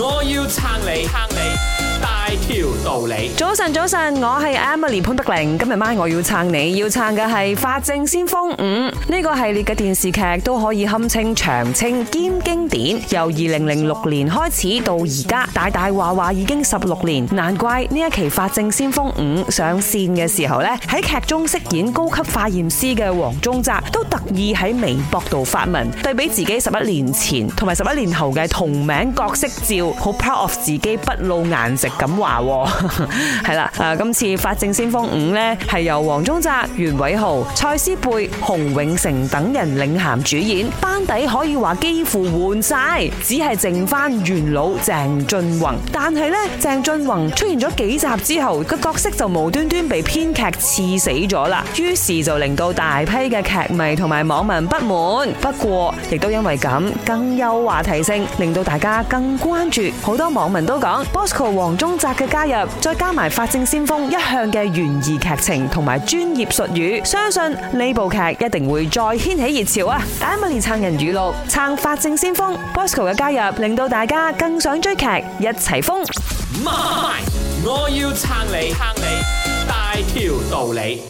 我要撐你，撐你大條道理。早晨，早晨，我係 Emily 潘德玲。今日晚我要撐你，要撐嘅係《法證先鋒五》呢個系列嘅電視劇都可以堪稱長青兼經典。由二零零六年開始到而家，大大話話已經十六年，難怪呢一期《法證先鋒五》上線嘅時候呢，喺劇中飾演高級化驗師嘅黃宗澤都特意喺微博度發文，對比自己十一年前同埋十一年後嘅同名角色照。好 proud of 自己不露顏值咁話係啦，誒 今次《法證先鋒五》呢係由黃宗澤、袁偉豪、蔡思貝、洪永城等人領銜主演，班底可以話幾乎換晒，只係剩返元老鄭俊弘。但係呢，鄭俊弘出現咗幾集之後，個角色就無端端被編劇刺死咗啦，於是就令到大批嘅劇迷同埋網民不滿。不過，亦都因為咁更有話題性，令到大家更關注。好多網民都講 Bosco 黃宗澤嘅加入，再加埋《法證先鋒》一向嘅懸疑劇情同埋專業術語，相信呢部劇一定會再掀起熱潮啊！大家咪撐人語錄，撐《法證先鋒》Bosco 嘅加入令到大家更想追劇，一齊瘋！我要撐你，撐你大條道理。